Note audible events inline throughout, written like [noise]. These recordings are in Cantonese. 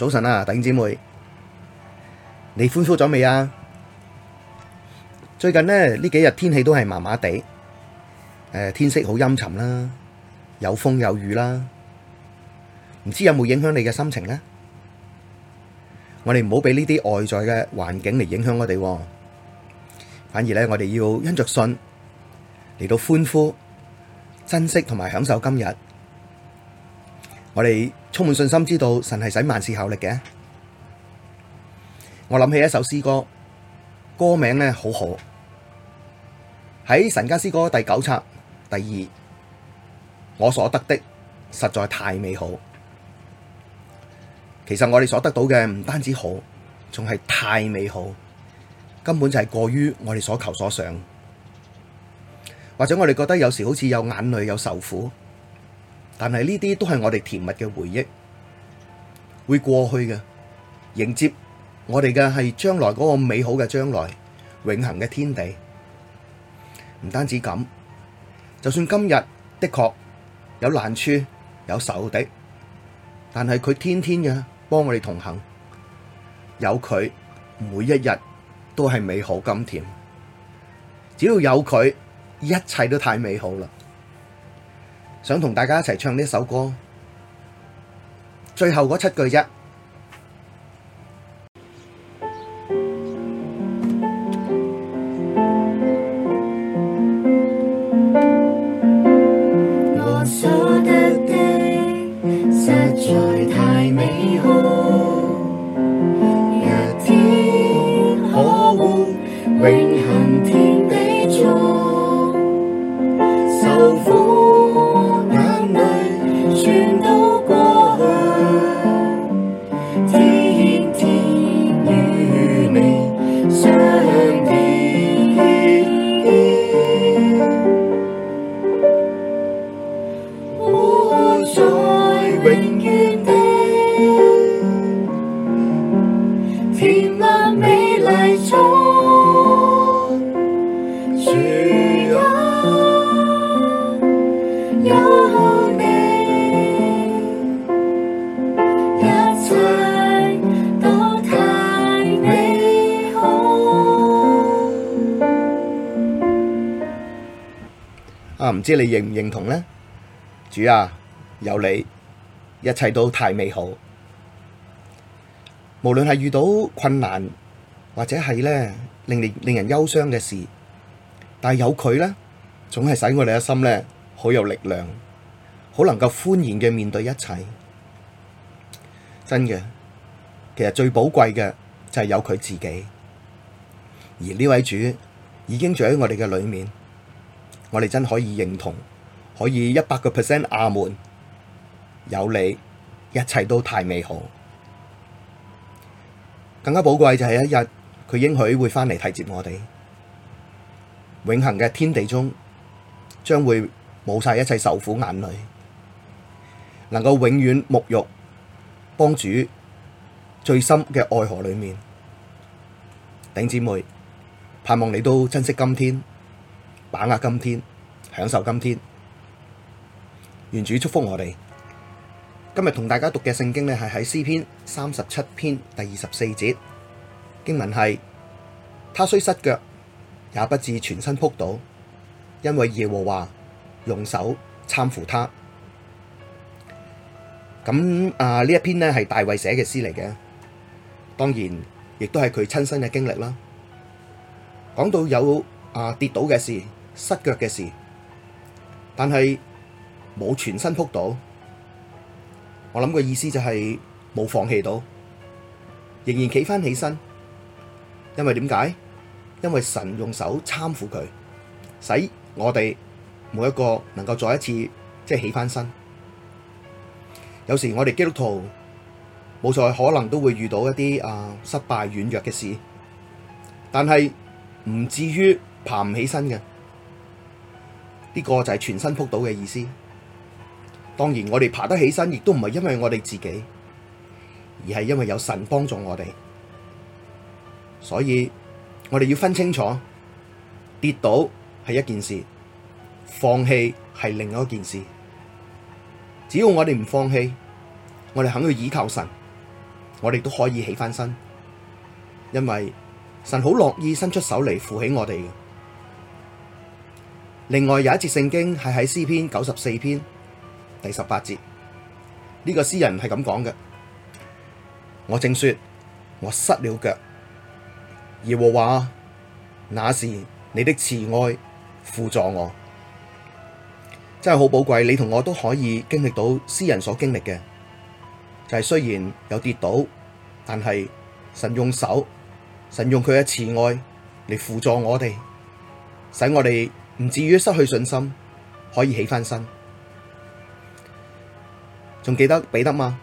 早晨啊，弟兄姊妹，你歡呼咗未啊？最近咧呢幾日天，天氣都係麻麻地，誒、呃，天色好陰沉啦、啊，有風有雨啦、啊，唔知有冇影響你嘅心情咧？我哋唔好俾呢啲外在嘅環境嚟影響我哋、啊，反而咧我哋要因着信嚟到歡呼，珍惜同埋享受今日。我哋充滿信心，知道神係使萬事效力嘅。我諗起一首詩歌，歌名呢，好好喺《神家詩歌》第九冊第二。我所得的實在太美好。其實我哋所得到嘅唔單止好，仲係太美好，根本就係過於我哋所求所想。或者我哋覺得有時好似有眼淚，有受苦。但係呢啲都係我哋甜蜜嘅回憶，會過去嘅。迎接我哋嘅係將來嗰個美好嘅將來，永恆嘅天地。唔單止咁，就算今日的確有難處，有仇敵，但係佢天天嘅幫我哋同行，有佢每一日都係美好甘甜。只要有佢，一切都太美好啦。想同大家一齊唱呢首歌，最後嗰七句啫。我所得的實在太美好。 [music] 永遠的甜蜜美麗中，主啊有你，一切都太美好。啊，唔知你認唔認同呢？主啊，有你。一切都太美好，無論係遇到困難或者係呢，令令人憂傷嘅事，但係有佢呢，總係使我哋嘅心呢，好有力量，好能夠歡然嘅面對一切。真嘅，其實最寶貴嘅就係有佢自己，而呢位主已經住喺我哋嘅裏面，我哋真可以認同，可以一百個 percent 阿門。有你，一切都太美好。更加寶貴就係一日佢應許會返嚟睇接我哋，永恆嘅天地中，將會冇晒一切愁苦眼淚，能夠永遠沐浴幫主最深嘅愛河裏面。頂姊妹，盼望你都珍惜今天，把握今天，享受今天。願主祝福我哋。今日同大家讀嘅聖經咧，係喺詩篇三十七篇第二十四節，經文係：他雖失腳，也不至全身仆倒，因為耶和華用手攙扶他。咁啊，呢一篇咧係大衛寫嘅詩嚟嘅，當然亦都係佢親身嘅經歷啦。講到有啊跌倒嘅事、失腳嘅事，但係冇全身仆倒。我諗個意思就係冇放棄到，仍然企翻起身，因為點解？因為神用手攙扶佢，使我哋每一個能夠再一次即係企翻身。有時我哋基督徒冇錯，可能都會遇到一啲、呃、失敗、軟弱嘅事，但係唔至於爬唔起身嘅。呢、這個就係全身仆倒嘅意思。當然，我哋爬得起身，亦都唔係因為我哋自己，而係因為有神幫助我哋。所以我哋要分清楚，跌倒係一件事，放棄係另外一件事。只要我哋唔放棄，我哋肯去倚靠神，我哋都可以起翻身，因為神好樂意伸出手嚟扶起我哋嘅。另外有一節聖經係喺詩篇九十四篇。第十八節，呢、這個詩人係咁講嘅：我正說，我失了腳，耶和華，那時你的慈愛扶助我，真係好寶貴。你同我都可以經歷到詩人所經歷嘅，就係、是、雖然有跌倒，但係神用手，神用佢嘅慈愛嚟，扶助我哋，使我哋唔至於失去信心，可以起翻身。仲記得彼得嗎？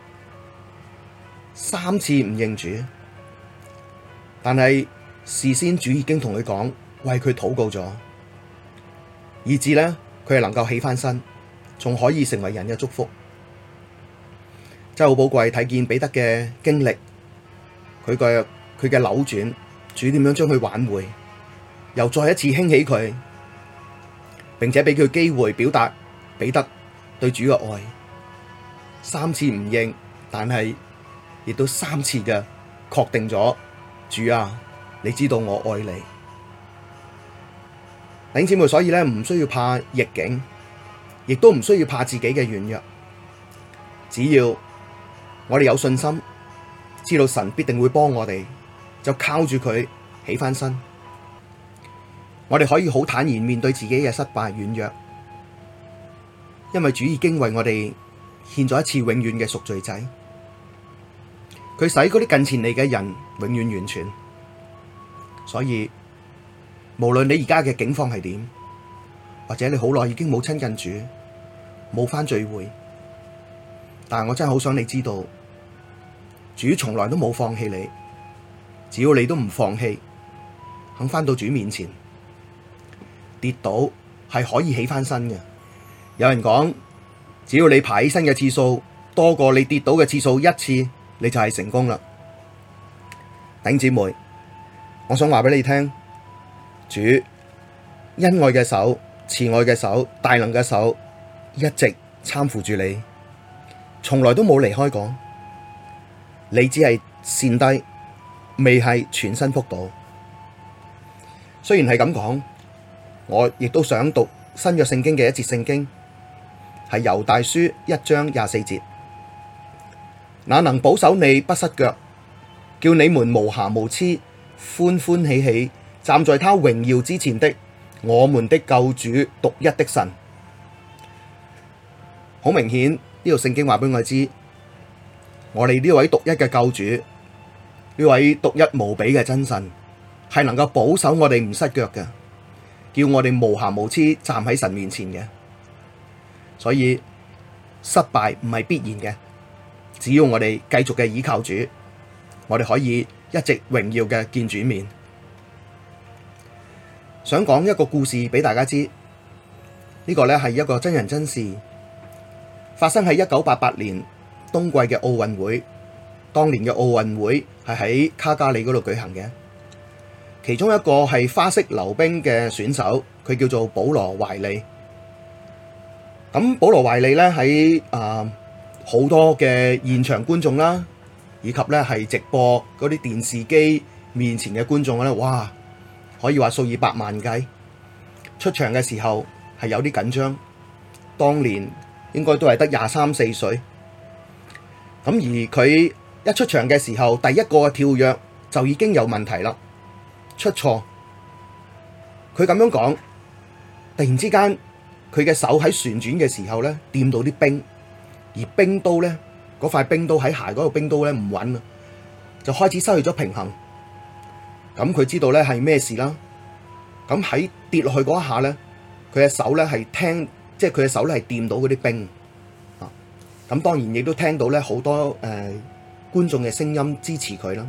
三次唔認主，但係事先主已經同佢講，為佢禱告咗，以至呢，佢係能夠起返身，仲可以成為人嘅祝福，真係好寶貴。睇見彼得嘅經歷，佢嘅佢嘅扭轉，主點樣將佢挽回，又再一次興起佢，並且俾佢機會表達彼得對主嘅愛。三次唔認，但係亦都三次嘅確定咗，主啊，你知道我愛你。弟兄姊妹，所以咧，唔需要怕逆境，亦都唔需要怕自己嘅軟弱，只要我哋有信心，知道神必定會幫我哋，就靠住佢起翻身，我哋可以好坦然面對自己嘅失敗軟弱，因為主已經為我哋。獻咗一次永遠嘅贖罪祭，佢使嗰啲近前嚟嘅人永遠完全。所以，無論你而家嘅境況係點，或者你好耐已經冇親近主，冇返聚會，但係我真係好想你知道，主從來都冇放棄你，只要你都唔放棄，肯返到主面前，跌倒係可以起返身嘅。有人講。只要你爬起身嘅次數多過你跌倒嘅次數一次，你就係成功啦，頂姊妹。我想話畀你聽，主恩愛嘅手、慈愛嘅手、大能嘅手一直攙扶住你，從來都冇離開過。你只係跣低，未係全身仆倒。雖然係咁講，我亦都想讀新約聖經嘅一節聖經。係猶大書一章廿四節，那能保守你不失腳，叫你們無瑕無疵，歡歡喜喜站在他榮耀之前的我們的救主獨一的神。好明顯呢度、這個、聖經話俾我知，我哋呢位獨一嘅救主，呢位獨一無比嘅真神，係能夠保守我哋唔失腳嘅，叫我哋無瑕無疵站喺神面前嘅。所以失敗唔係必然嘅，只要我哋繼續嘅倚靠主，我哋可以一直榮耀嘅見主面。想講一個故事俾大家知，呢個咧係一個真人真事，發生喺一九八八年冬季嘅奧運會。當年嘅奧運會係喺卡加里嗰度舉行嘅，其中一個係花式溜冰嘅選手，佢叫做保羅懷利。咁保羅維利呢，喺啊好多嘅現場觀眾啦，以及呢係直播嗰啲電視機面前嘅觀眾咧，哇！可以話數以百萬計。出場嘅時候係有啲緊張，當年應該都係得廿三四歲。咁而佢一出場嘅時候，第一個跳躍就已經有問題啦，出錯。佢咁樣講，突然之間。佢嘅手喺旋轉嘅時候咧，掂到啲冰，而冰刀咧，嗰塊冰刀喺鞋嗰個冰刀咧，唔穩啦，就開始失去咗平衡。咁佢知道咧係咩事啦。咁喺跌落去嗰一下咧，佢嘅手咧係聽，即係佢嘅手咧係掂到嗰啲冰啊。咁當然亦都聽到咧好多誒、呃、觀眾嘅聲音支持佢啦。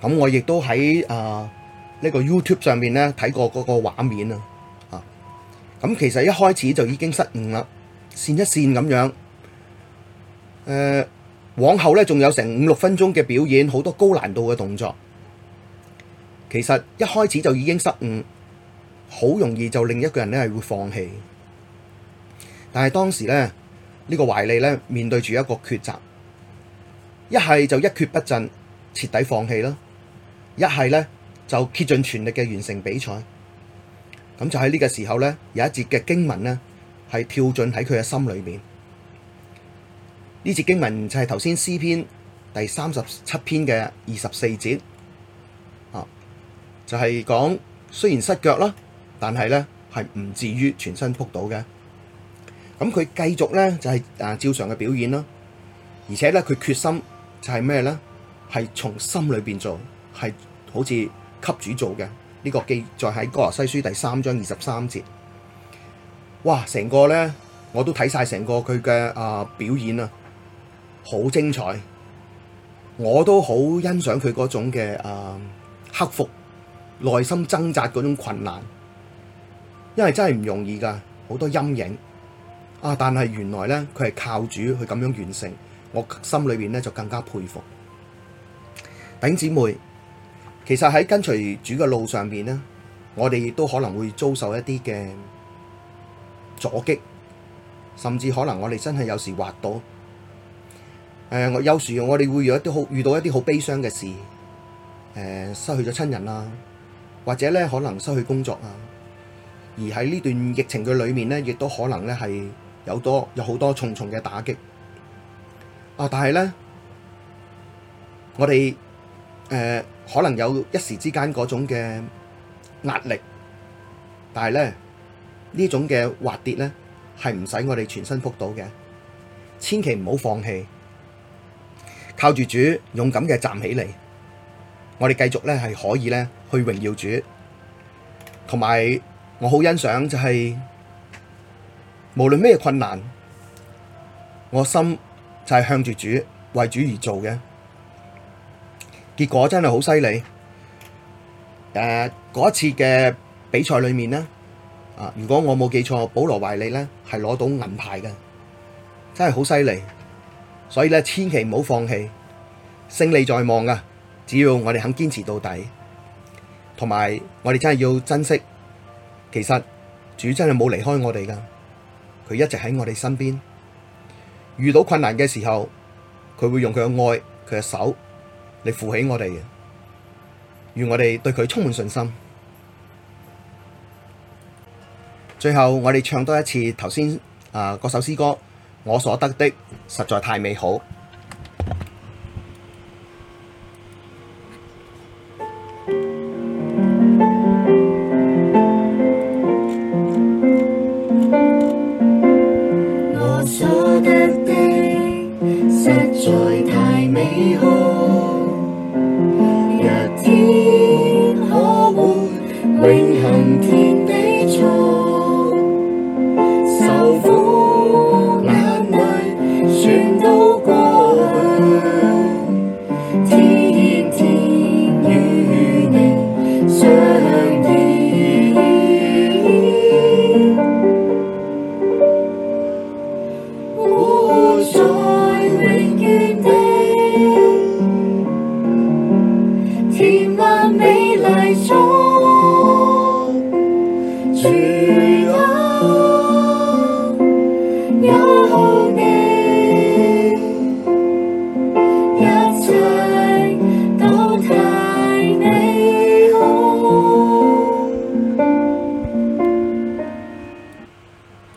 咁、啊、我亦都喺啊呢個 YouTube 上面咧睇過嗰個畫面啊。咁其實一開始就已經失誤啦，線一線咁樣，呃，往後呢，仲有成五六分鐘嘅表演，好多高難度嘅動作，其實一開始就已經失誤，好容易就令一個人咧係會放棄。但係當時呢，這個、懷呢個懷利咧面對住一個抉擇，一係就一蹶不振，徹底放棄咯；一係呢，就竭盡全力嘅完成比賽。咁就喺呢個時候咧，有一節嘅經文咧，係跳進喺佢嘅心裏面。呢節經文就係頭先詩篇第三十七篇嘅二十四節，啊，就係、是、講雖然失腳啦，但係咧係唔至於全身仆倒嘅。咁佢繼續咧就係、是、啊照常嘅表演啦，而且咧佢決心就係咩咧，係從心裏邊做，係好似給主做嘅。呢個記載在喺《歌羅西書》第三章二十三節。哇！成個咧，我都睇晒，成個佢嘅啊表演啊，好精彩！我都好欣賞佢嗰種嘅啊、呃、克服、內心掙扎嗰種困難，因為真係唔容易噶，好多陰影啊！但係原來咧，佢係靠主去咁樣完成，我心裏面咧就更加佩服。頂姊妹。其實喺跟隨主嘅路上邊呢，我哋亦都可能會遭受一啲嘅阻擊，甚至可能我哋真係有時滑倒。誒、呃，有時我哋會有遇到一啲好遇到一啲好悲傷嘅事，誒、呃，失去咗親人啦，或者咧可能失去工作啊。而喺呢段疫情嘅裏面咧，亦都可能咧係有多有好多重重嘅打擊。啊，但係咧，我哋誒。呃可能有一時之間嗰種嘅壓力，但係咧呢種嘅滑跌咧係唔使我哋全身仆倒嘅，千祈唔好放棄，靠住主勇敢嘅站起嚟，我哋繼續咧係可以咧去榮耀主，同埋我好欣賞就係、是、無論咩困難，我心就係向住主為主而做嘅。結果真係好犀利，誒，嗰一次嘅比賽裏面咧，啊，如果我冇記錯，保羅懷利咧係攞到銀牌嘅，真係好犀利，所以咧千祈唔好放棄，勝利在望噶，只要我哋肯堅持到底，同埋我哋真係要珍惜，其實主真係冇離開我哋噶，佢一直喺我哋身邊，遇到困難嘅時候，佢會用佢嘅愛，佢嘅手。嚟扶起我哋，願我哋對佢充滿信心。最後，我哋唱多一次頭先啊嗰首詩歌，我所得的實在太美好。永恆天地中。